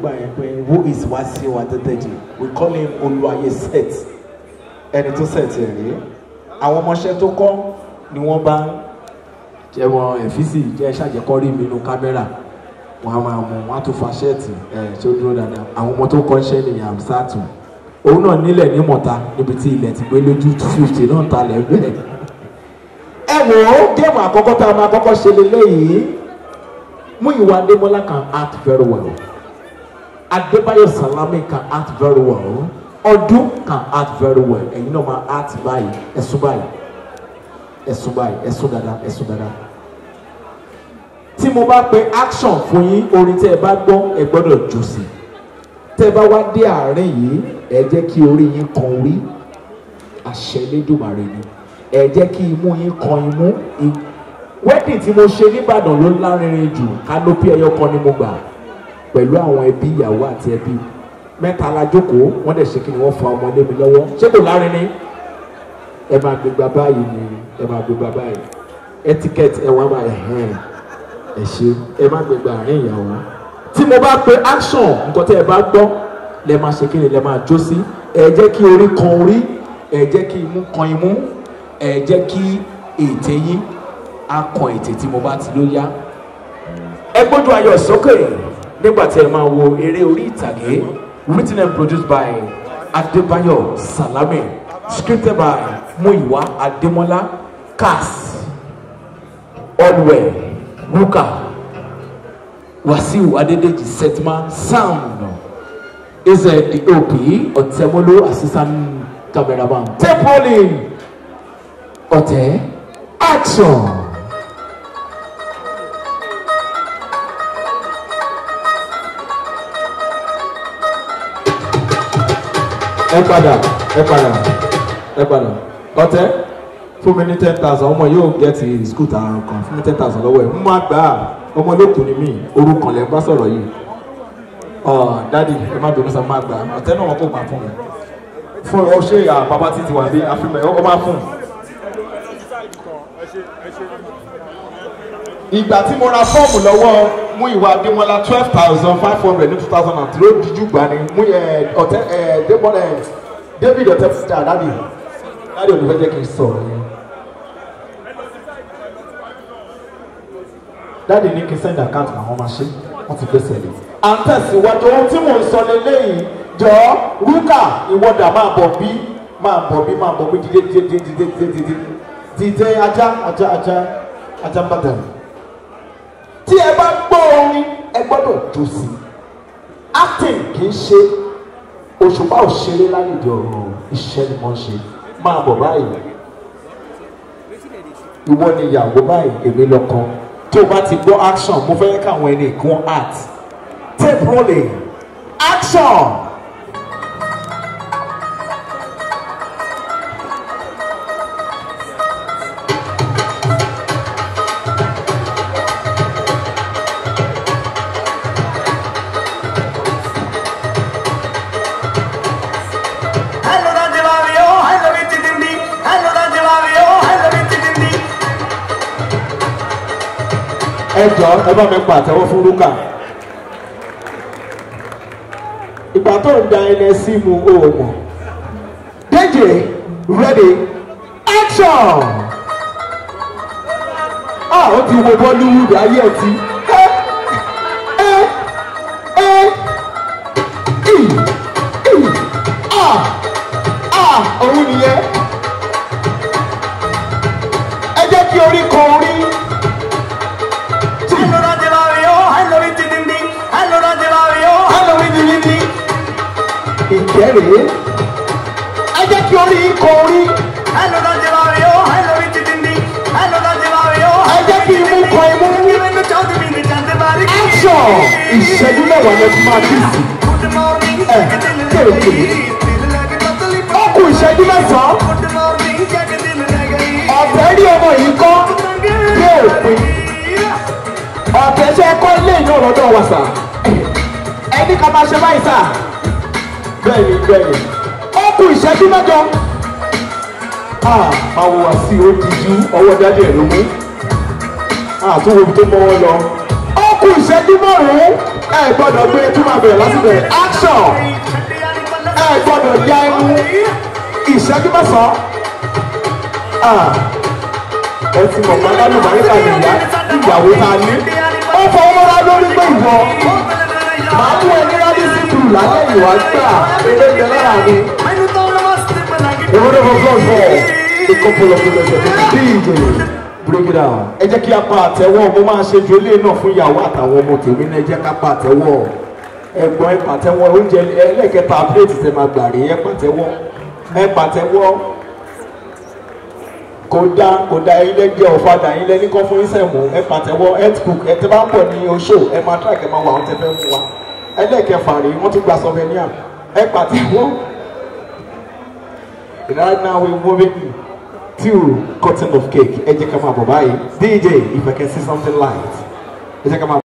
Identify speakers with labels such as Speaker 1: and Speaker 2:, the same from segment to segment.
Speaker 1: who is Wasiu Adedeji we call him Oluwaye set ẹni tó set ẹ rèé àwọn ọmọọṣẹ́ tó kọ́ ni wọ́n bá jẹ wọn ẹfíìsì jẹ ṣàjẹkọ rí mi nínú kámẹ́rà wọn a máa mú wọn a tún fa ṣẹẹtì ẹ tí ó dúró dáadáa àwọn ọmọ tó kọ́ ṣẹ nìyẹn Hamsatu òun náà nílẹ̀ ní mọta níbi tí ilẹ̀ ti gbé lójú fifty náà ta lẹ bẹ́ẹ̀. ẹ wò ó géèmù àkọ́kọ́ tá a máa kọ́kọ́ ṣe lélẹ́yìí Múyìwá Adémọ́lá can act very well. Adébáyọ̀ Salami can act very well Ọdún can act very well ẹ̀yin náà máa act báyìí ẹ̀sùn báyìí ẹ̀sùn báyìí ẹ̀sùn dada ẹ̀sùn dada tí mo bá pe action fún yín orin tí ẹ bá gbọ́ ẹ gbọ́dọ̀ jù sí tẹ́ bá wá dé àárín yìí ẹ jẹ́ kí orí yín kan orí àṣẹ Elédùmarè ni ẹ jẹ́ kí imú yín kan imú wedding tí mo ṣe ní Ìbàdàn ló lárinrin jù kánópì ẹyọ kan ni mo gbà pẹ̀lú àwọn ẹbí ìyàwó àti ẹbí mẹ́ta la jókòó wọ́n dẹ̀ ṣe kí ni wọ́n fa ọmọ lé mi lọ́wọ́ ṣé kò lárin ni ẹ máa gbégbá báyìí ni ẹ máa gbégbá báyìí etiquette ẹ wá máa hẹ́n ẹ ṣe ẹ má gbégbá àárín ìyàwó tí mo bá pe action nǹkan tẹ́ ẹ bá gbọ́ lẹ máa ṣe kí ni lẹ máa jó sí ẹ jẹ́ kí orí kan orí ẹ jẹ́ kí imú kan imú ẹ jẹ́ kí ètè yín á kan ètè tí mo bá ti ló yá ẹ gbójú ayọ̀ sókè. Okay nígbà tí ẹ máa wo eré orí ìtàgé written and produced by adébáyọ̀ salami scripted by muyiwa adémọ́lá kass ọlùwẹ̀ luka wasiu adedeji setman sound is the op ọ̀tẹ̀mọ́lú assistant cameraman tape rolling ọ̀tẹ̀ action. ẹ padà ẹ padà ẹ padà ọtẹ fún mi ní ten thousand ọmọ yóò get school ta kan fún mi ten thousand lọ́wọ́ ẹ̀ mú má gbà á ọmọ olókùn ni mí orúkọ lẹ́ ń bá sọ̀rọ̀ yìí dádì ẹ má bínú sàn má gbà á ọtẹ náà wọn kò gbà fún mi fún ọ ṣé àbábá títí wà bí àfihàn ọ má fún un. ìgbà tí mo ra fọ́ọ̀mù lọ́wọ́ Múyìwá Adémọ́lá twelve thousand five hundred ní two thousand and three ó díjú gbà ní mú eh, ọ̀tẹ́ eh, Débọ́lá eh, David ọ̀tẹ́fúta dáàdì dáàdì òní fẹ́ jẹ́ kí n sọ̀rọ̀ yẹn. dáàdì ní kí n send account àwọn ọmọ ṣe wọ́n ti gbèsè lè. à ń tẹ̀síwájú ohun tí mò ń sọ lélẹ́yìn jọ rúkà ìwọ́dà máa bọ̀ bí máa bọ̀ bí máa bọ̀ bí dídé dídé dídé dídé dídé ajá ajá ajá ajá bàdàn. tí ẹ bá orin ẹ gbọ́dọ̀ jó sí acting kì í ṣe òṣùpá òṣèré lálejò ọ̀rọ̀ iṣẹ́ ni wọ́n ṣe máa bọ̀ báyìí ìwọ ni ìyàwó báyìí èmi lọ́kọ tó o bá ti gbọ́ action mo fẹ́ káwọn ẹni ìkún art tape rolling action. ẹ jọ ẹ bá mi fún Lúkà ìgbà tó ń da ẹni sí mu oòmù Dèjì ready action ah ó ti wo Bollywood ayé ẹ ti ẹ ẹ ẹ ì ah ah òun nìyẹn. ìfẹ́ rèé ẹ jẹ́ kí orí kọ orí. ẹnu náà ti máa rí ó ẹnu mi ti ní ẹnu náà ti máa rí ó. ẹ jẹ́ kí imú kọ imú. action ìṣẹ́jú mẹ́wàá lẹ́nu máa bí sí. ẹ kéèrè kéèrè. ó ìṣẹ́jú mẹ́sàn-án. ọ̀fẹ́ rí ọmọ yìí kọ́ dé òpin. ọ̀fẹ́ ṣe kọ́ ilé ìnáwó lọ́dọ̀ wa sà. ẹni ká máa ṣe báyìí sà bẹ́ẹ̀ni bẹ́ẹ̀ni ó kù ìṣẹ́jú mẹ́jọ. àwọ̀ àti òdìjú ọwọ́ dájú ẹ̀ ló mú àtúwò tó mọ́ wọn lọ. ó kù ìṣẹ́jú márùn-ún ẹ gbọ́dọ̀ gbé tó máa bẹ̀rẹ̀ lásìkò ẹ̀ action ẹ gbọ́dọ̀ ya ẹnu ìṣẹ́jú mẹ́sàn-án ẹ ti mọ̀ pátá lùmọ̀ nípa ìyá ìyàwó ta ní ó fọwọ́ mọ́ra lórí pé ìwọ làákàyè wá gbà ilé ìjẹ lára mi. A round of applause for the couple of winners ẹ jẹ́ kí a pa àtẹ́wọ́ mo máa ṣe ju ilé náà fún ìyàwó àtàwọn ọmọ tèmi náà ẹ jẹ́ ká pa àtẹ́wọ́ ẹ̀gbọ́n ẹ pàtẹ́wọ́ oúnjẹ ẹlẹ́kẹta plate tẹ máa gbà rí ẹ pàtẹ́wọ́ ẹ pàtẹ́wọ́ kódà kódà ilé jẹ́ ọ̀fadà ilé ní kọ́ fún ìsẹ̀mù ẹ pàtẹ́wọ́ ẹ tẹ bá ń ní oṣù ẹ máa tíráàkì ẹ ẹlẹ́ẹ̀kẹfà rèé wọ́n tún gba sọfẹ̀níà ẹ pàtẹ́wọ́ right now we're moving to cutting of cake ẹ jẹ́ DJ if I can see something light ẹ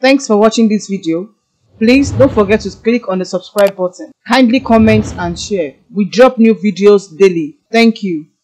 Speaker 1: Thanks for watching this video. Please don't forget to click on the subscribe button. Kindly comment and share. We drop new videos daily. Thank you.